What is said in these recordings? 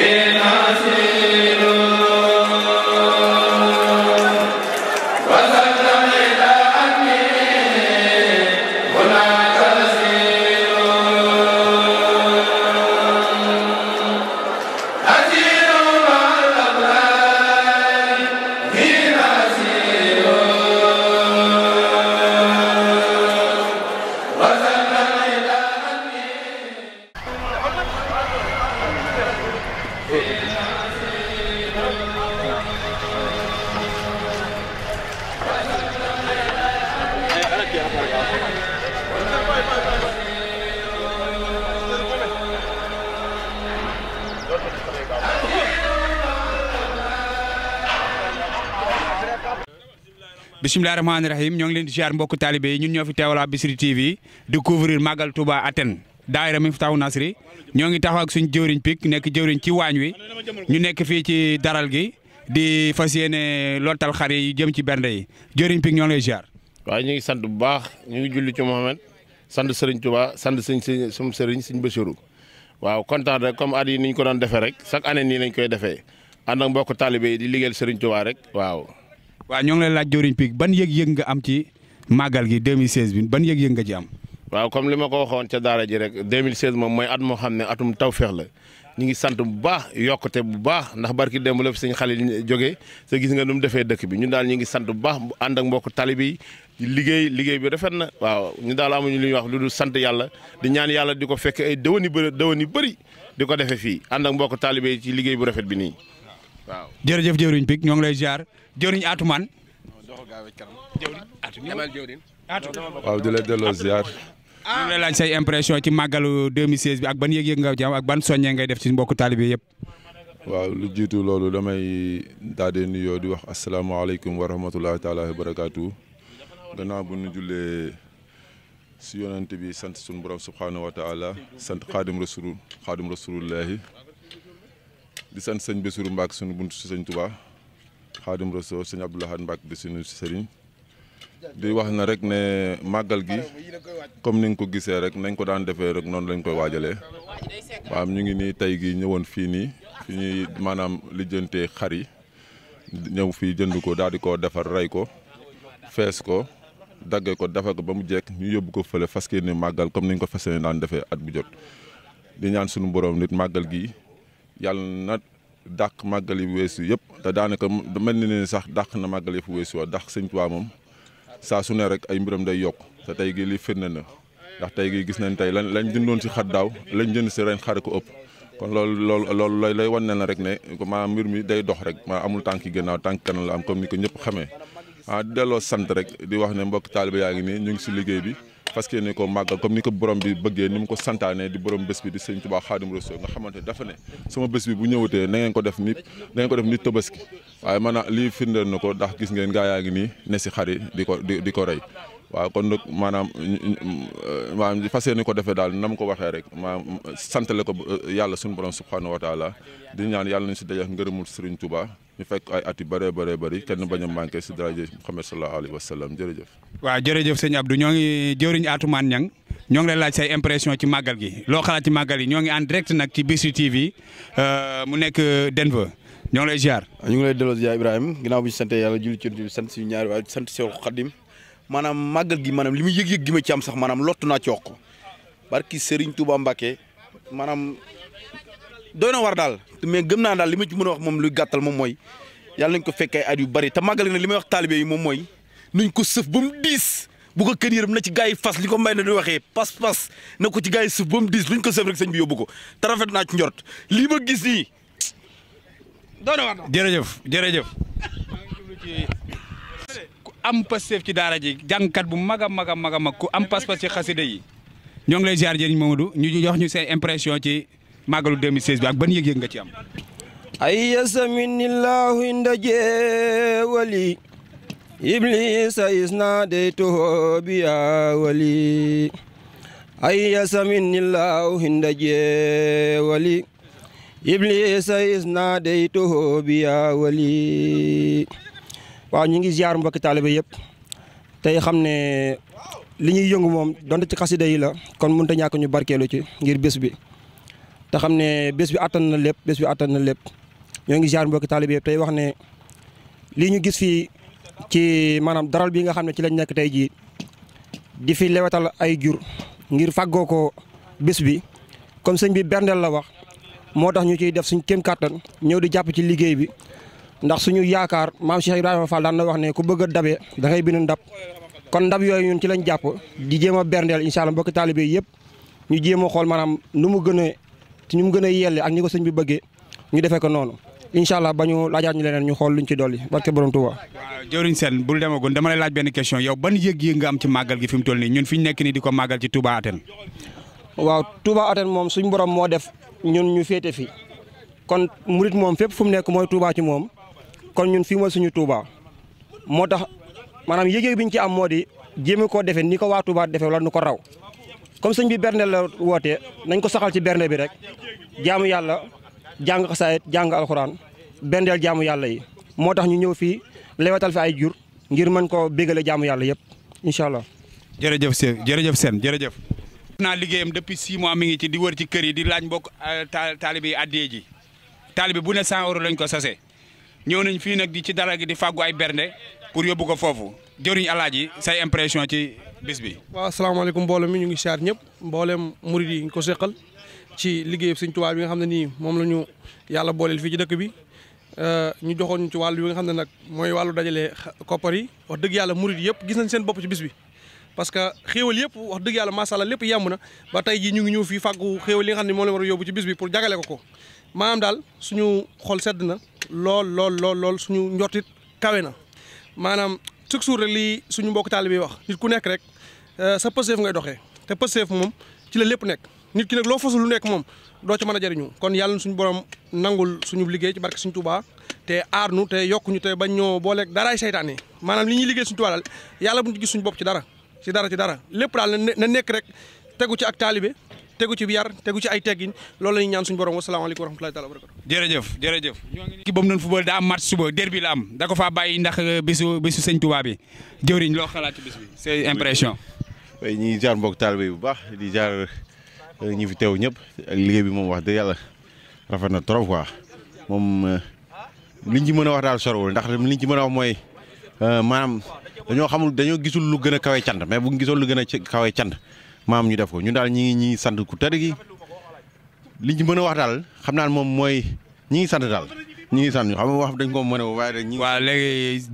ila bisimilah rahmaani rahim ñoo ngi leen di ziar mbokku taalibe yi ñun ñoo fi teewalaa Bichri TV di couvrir Magal Touba Athènes daayira Miftahu Nasri ñoo ngi taxaw ak suñ jëwriñ pik nekk jëwriñ ci waañ wi ñu nekk fii ci daral gi di fas yéene lottal xar yi jëm ci bernde yi jëwriñ pik ñoo ngi lay ziar. waaw ñu ngi sant bu baax ñu ngi julli ci Mohamed sant sëriñ Touba sant sëñ sum Serigne sëñ Bassirou waaw kontaan rek comme at yi ni ñu ko doon defee rek chaque année nii lañ koy defee ànd ak mbokku taalibe yi di liggéeyal Serigne rek waa ñoo ngi lay laaj Jëwriñ Peek ban yëg-yëg nga am ci màggal gi 2016 bi ban yëg-yëg nga ci am. waaw comme li ma ko waxoon ca daara ji rek 2016 moom mooy at moo xam ne atum tawféex la ñu ngi sant bu baax yokkute bu baax ndax barki démb la fi sëñ Xalil jógee sa gis nga nu mu defee dëkk bi ñun daal ñu ngi sant bu baax ànd ak mbokk talibi yi liggéey liggéey bi rafet na waaw ñu daal amuñu lu ñuy wax lu dul sant yàlla di ñaan yàlla di ko fekk ay dëwën yu bëri bëri di ko defee fii ànd ak mbokk talibi ci liggéey bu bi nii waaw jërëjëf jëwriñ pik ñoo ngi lay ziar jëwriñ Atumaan waaw di la delloo ziar. ñu lay laaj say impression ci màggalu 2016 bi ak ban yëg-yëg nga ci ak ban soññee ngay def ci mbokku taalibe yëpp. waaw lu jiitu loolu damay daal di nuyoo di wax asalaamaaleykum wa rahmatulahi taala wa barakaatu. gannaaw bu nu jullee si yonent bi sant sunu borom subxanahu wa sant xaadim rasulullahi di sant sëñ Bassirou Mbacke suñu bunt si sëñ Touba Xaadim Rasuul sëñ Abdou Lahad Mbacke di suñu sëriñ di wax na rek ne màggal gi comme ni nga ko gisee rek nañ ko daan defee rek noonu lañ koy waajalee waaw ñu ngi nii tey gi ñëwoon fii nii fi ñuy maanaam lijjantee xar yi ñëw fii jënd ko daal di ko defar rey ko fees ko daggee ko defar ko ba mu jekk ñu yóbbu ko fële fas yéene màggal comme ni ñu ko fas yéene daan defee at bu jot di ñaan suñu borom nit màggal gi yàlla na dàq màggal yi weesu yëpp te daanaka mel na ne sax dàq na màggal yi fu weesu wa dàq sëñ waa moom saa su ne rek ay mbiram day yokk te tey gi lii firnde na na ndax tey gi gis nañ tey lan lañ jëndoon si xat daaw lañ jënd si ren xare ko ëpp kon loolu loolu loolu lay lay wan ne na rek ne maa mbir mi day dox rek maa amul tànk ginnaaw tànk kanam la am comme ni ko ñëpp xamee ah delloo sant rek di wax ne mbokk taaliba yaa ngi nii ñu ngi si liggéey bi fas yéene ko màggal comme ni ko borom bi bëggee ni mu ko santaane di borom bés bi di sëñ Tuubaa Xaadimu Rasuul nga xamante dafa ne sama bés bi bu ñëwatee na ngeen ko def nit na ngeen ko def nit tabaski waaye maanaam lii firndeel na ko ndax gis ngeen gaa yaa ngi si xari di ko di ko rey waaw kon nag maanaam maanaam fas yéene ko defee daal na mu ko waxee rek maa santale ko yàlla suñu borom subhaanahu wa taala di ñaan yàlla nu si dajeex ngërëmul Sëriñ tubaa ñu fekk ay at yu bëree bëree bëri kenn bañ a manqué si daraja Muhammad sallallahu alayhi wa sallam jërëjëf. waaw jërëjëf sëñ Abdou ñoo ngi jëwriñ Atoumane Niang ñoo ngi lay laaj say impression ci màggal gi loo xalaat ci màggal yi ñoo ngi en direct nag ci Bichri TV euh, mu nekk euh, Denver ñoo ngi lay ziar. ñu ngi lay delloo ziar Ibrahima ginnaaw bi ñu sant yàlla julli ci bi sant suñu ñaari waa sant Seex Xadim maanaam màggal gi maanaam li muy yëg-yëg gi ma ci am sax maanaam lottu naa cooq barki Serigne Touba mbake maanaam doy war daal mais gëm naa daal li ma ci mën a wax moom luy gàttal moom mooy yàlla nañ ko fekkee at yu bari te màggal na li may wax taalibe yi moom mooy nuñ ko sëf ba mu diis bu ko kën yërëm na ci gars yi fas li ko may na di waxee pas-pas na ko ci gars yi sëf ba ko sëf rek sëñ bi yóbbu ko te rafet naa ci njort lii ma gis nii doy na jërëjëf jërëjëf. ku am Pastef ci daara ji jàngkat bu mag a mag a mag a mag ku am pas-pas ci xasida yi ñoo ngi lay ziar jëriñ du ñu jox ñu seen impression ci. màggalu 2016 bi ak ban yëg-yëg nga ci am ay yasaminillahu inda jeewali iblisa isna deytoho biya wali ay yasaminillahu inda jeewali iblisa isna deytoho biya wali waaw ñu ngi ziar mbokki taalibe yëpp tey xam ne li ñuy yëngu moom donte ci xasida yi la kon mënut a ñàkk ñu barkeelu ci ngir bés bi te xam ne bés bi attan na lépp bés bi attan na lépp ñoo ngi ziar mbokki taalibe yëpp tey wax ne lii ñu gis fii ci maanaam daral bi nga xam ne ci lañ nekk tey jii di fi lewetal ay jur ngir fàggoo ko bés bi comme sëñ bi berndeel la wax moo tax ñu ciy def suñ kéem kàttan ñëw di jàpp ci liggéey bi ndax suñu yaakaar maam Cheikh Ibrahima Fall daan na wax ne ku bëgg a dabe da bind ndab kon ndab yooyu ñun ci lañ jàpp di jéem a berndeel incha allah mbokki taalibe yëpp ñu jéem xool maanaam nu mu gën a ci ñu mu gën a yelle ak ñi ko sëñ bi bëggee ñu defee noonu incha allah bañu ñu laajaat ñu leneen ñu xool luñ ci dolli barke borom Tuuba. waaw jëwriñ seen bul demagoon dama lay laaj benn question yow ban yëg-yëg nga am ci màggal gi fi mu ñun fi ñu nekk nii di ko màggal ci Touba Athènes. waaw Touba Athènes moom suñu borom moo def ñun ñu féete fi kon murit moom fépp fu mu nekk mooy tuubaa ci moom kon ñun fii mooy suñu Touba moo tax maanaam yëg-yëg bi ñu ci am moo di jéem koo defee ni ko waa Touba defee wala nu ko raw comme sëñ bi bernde la wootee nañ ko saxal ci bernde bi rek jaamu yàlla jàng xasaayit jàng alxuraan berndeel jaamu yàlla yi moo tax ñu ñëw fii lewatal fi ay jur ngir mën koo bégale jaamu yàlla yëpp incha allah. jërëjëf seen jërëjëf seen jërëjëf. naa liggéeyam depuis six mois mi ngi ci di wër ci kër yi di laaj mbokk euh, taalibe yi addee ji taalibe bu ne cent euros lañ ko sase ñëw nañ fii nag di ci dara gi di fàggu ay bernde pour yóbbu ko foofu jëriñ alaaji say impression ci. bis bi. waaw asalaamaaleykum mboolem mi ñu ngi saar ñëpp mboolem murid yi ñu ko seqal ci liggéey Sëñ Tuubaa bi nga xam ne nii moom la ñu yàlla booleel fii ci dëkk bi ñu joxoon ci wàll bi nga xam ne nag mooy wàllu dajale koppar yi wax dëgg yàlla murid yëpp gis nañ seen bopp ci bis bi. parce que xéewal yëpp wax dëgg yàlla macha allah lépp yemb na ba tey jii ñu ngi ñëw fii fàggu xéewal yi nga xam ne moom la war a yóbbu ci bis bi pour jagale ko ko maanaam daal suñu xol sedd na lool lool lool lool suñu njortit kawe na maanaam chaque jour rek lii suñu mbokk taalibe bi wax ku nekk rek Euh, sa pëseef ngay doxee te pëseef moom ci la lépp nekk nit ki nag loo fasul lu nekk moom doo ci mën a jariñu kon yàlla na suñu borom nangul suñu liggéey ci barke suñ Tuubaa te aar nu te yokku ñu te bañ ñoo booleeg daraay seytaan yi maanaam li ñuy liggéey suñu Tuubaa daal yàlla bu ñu gis suñu ci dara ci dara ci dara lépp daal na nekk rek tegu ci ak taalibe tegu ci biyar tegu ci ay teggin loolu la ñuy ñaan suñu borom wasalaamaaleykum wa rahmatulahi taala wa barakatu jërëjëf jërëjëf ki boobu noonu football daa am match suba derby la am da ko faa bàyyi ndax euh, bisu bisu sëñ Tuubaa bi jëwriñ loo xalaat ci bis bi c'est impression ñi jaar mbokk taalibe bu baax di jaar euh, ñi fi teew ñëpp ak liggéey bi moom wax dëgg yàlla rafet na trop quoi moom euh, liñ ci mën a wax daal sorowul ndax liñ ci mën a wax mooy euh, maanaam dañoo xamul dañoo gisul lu gën a kawe cant mais bu gisoon lu gën a kawe cant maam ñu def ko ñun daal ñi ngi ñi sant ku tëdd li liñ ci mën a wax daal xam naa moom mooy ñi ngi sant daal. ñi ngi sant ñu xam nga wax dañ ko mën a waaye dañ. waaw léegi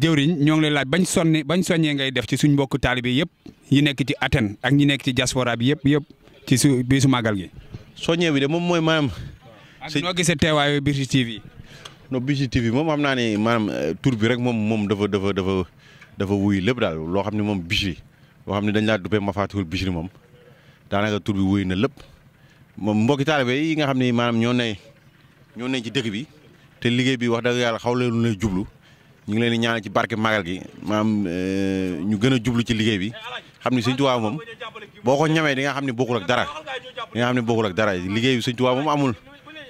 ñoo ngi lay laaj bañ sonni bañ soññee ngay def ci suñ mbokku taalibe yëpp yi nekk ci Athènes ak ñi nekk ci diaspora bi yëpp yëpp ci su bisu màggal gi. soññee bi de moom mooy maanaam. ak noo gisee teewaayu Bichri TV. no Bichri moom xam naa ne maanaam euh, tur bi rek moom moom dafa dafa dafa dafa wuy lépp daal loo xam ne moom Bichri loo xam ne dañ laa duppee Mafaatihul Bichri moom daanaka tur bi wuy na lépp moom mbokki taalibe yi nga xam ne maanaam ñoo ne ñoo ne ci dëkk bi te liggéey bi wax dëgg yàlla xaw leen lu ne jublu ñu ngi leen di ñaanal ci barke magal gi maam euh, ñu gën a jublu ci liggéey bi xam ni Sëñ tuwaa moom boo ko ñamee di nga xam ne bokkul ak dara di nga xam ne bokkul ak dara liggéey bi Sëñ Tuubaa moom amul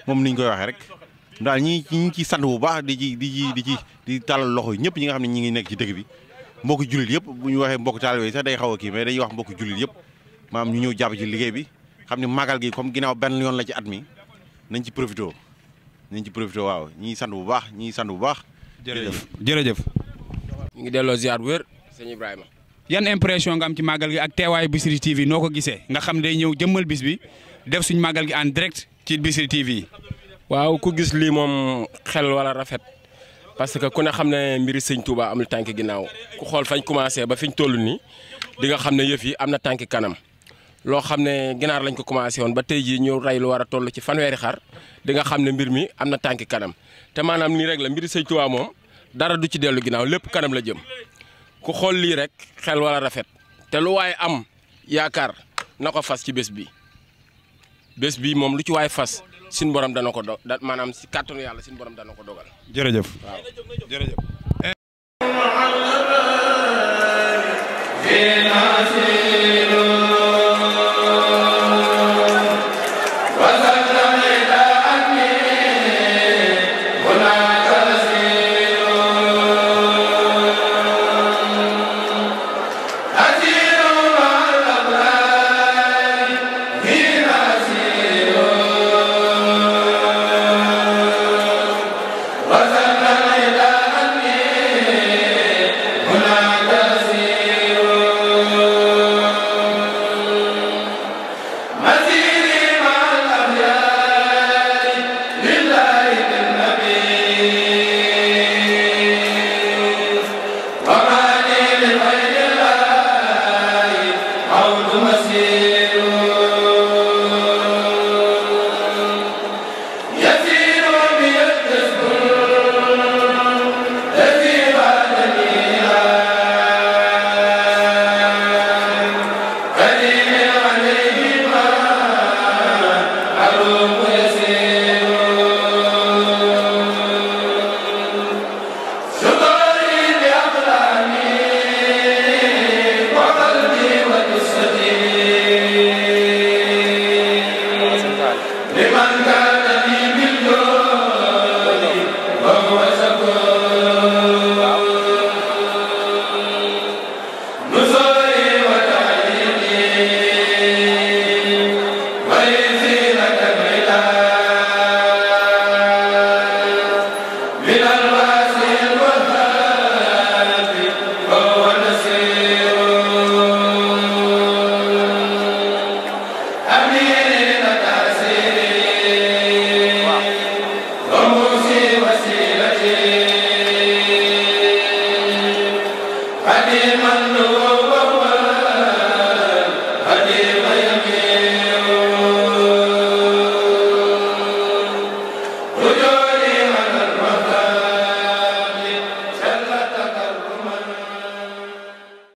moom niñ koy waxee rek daal ñi ñi ngi ciy sant bu baax di ci di ci di ci di tàllal loxo ñëpp ñi nga xam ne ñi ngi nekk ci dëkk bi mbokk jullit yëpp bu ñu waxee mbokk taalibe yi sax day xaw a kii mais dañuy wax mbokk jullit yëpp maam ñu ñëw jàpp ci liggéey bi xam ne magal gi comme ginnaaw benn yoon la ci at mi nañ ci profité ni ci profité waaw ñi sant bu baax ñi sant bu baax. jërëjëf jërëjëf. ñu ngi delloo ziar wér sëñ Ibrahima. yan impression nga am ci màggal gi ak teewaayu Bichri TV noo ko gisee nga xam day ñëw jëmmal bis bi def suñ màggal gi en direct ci Bichri TV. waaw ku gis lii moom xel wala rafet parce que ku ne xam ne mbir sëñ Touba am tànk ginnaaw ku xool fañ commencé ba fiñ toll nii di nga xam ne yëf yi am na tànk kanam. loo xam ne ginaar lañ ko commencé woon ba tey jii ñëw rey lu war tollu ci fanweeri xar dinga xam ne mbir mi am na tànki kanam te maanaam nii rek la mbiri Sëñ Tuubaa moom dara du ci dellu ginnaaw lépp kanam la jëm ku xool lii rek xel wala rafet te lu waaye am yaakaar na ko fas ci bés bi bés bi moom lu ci waaye fas suñu borom dana ko do maanaam si kàttanu yàlla suñu borom dana ko dogal. jërëjëf waaw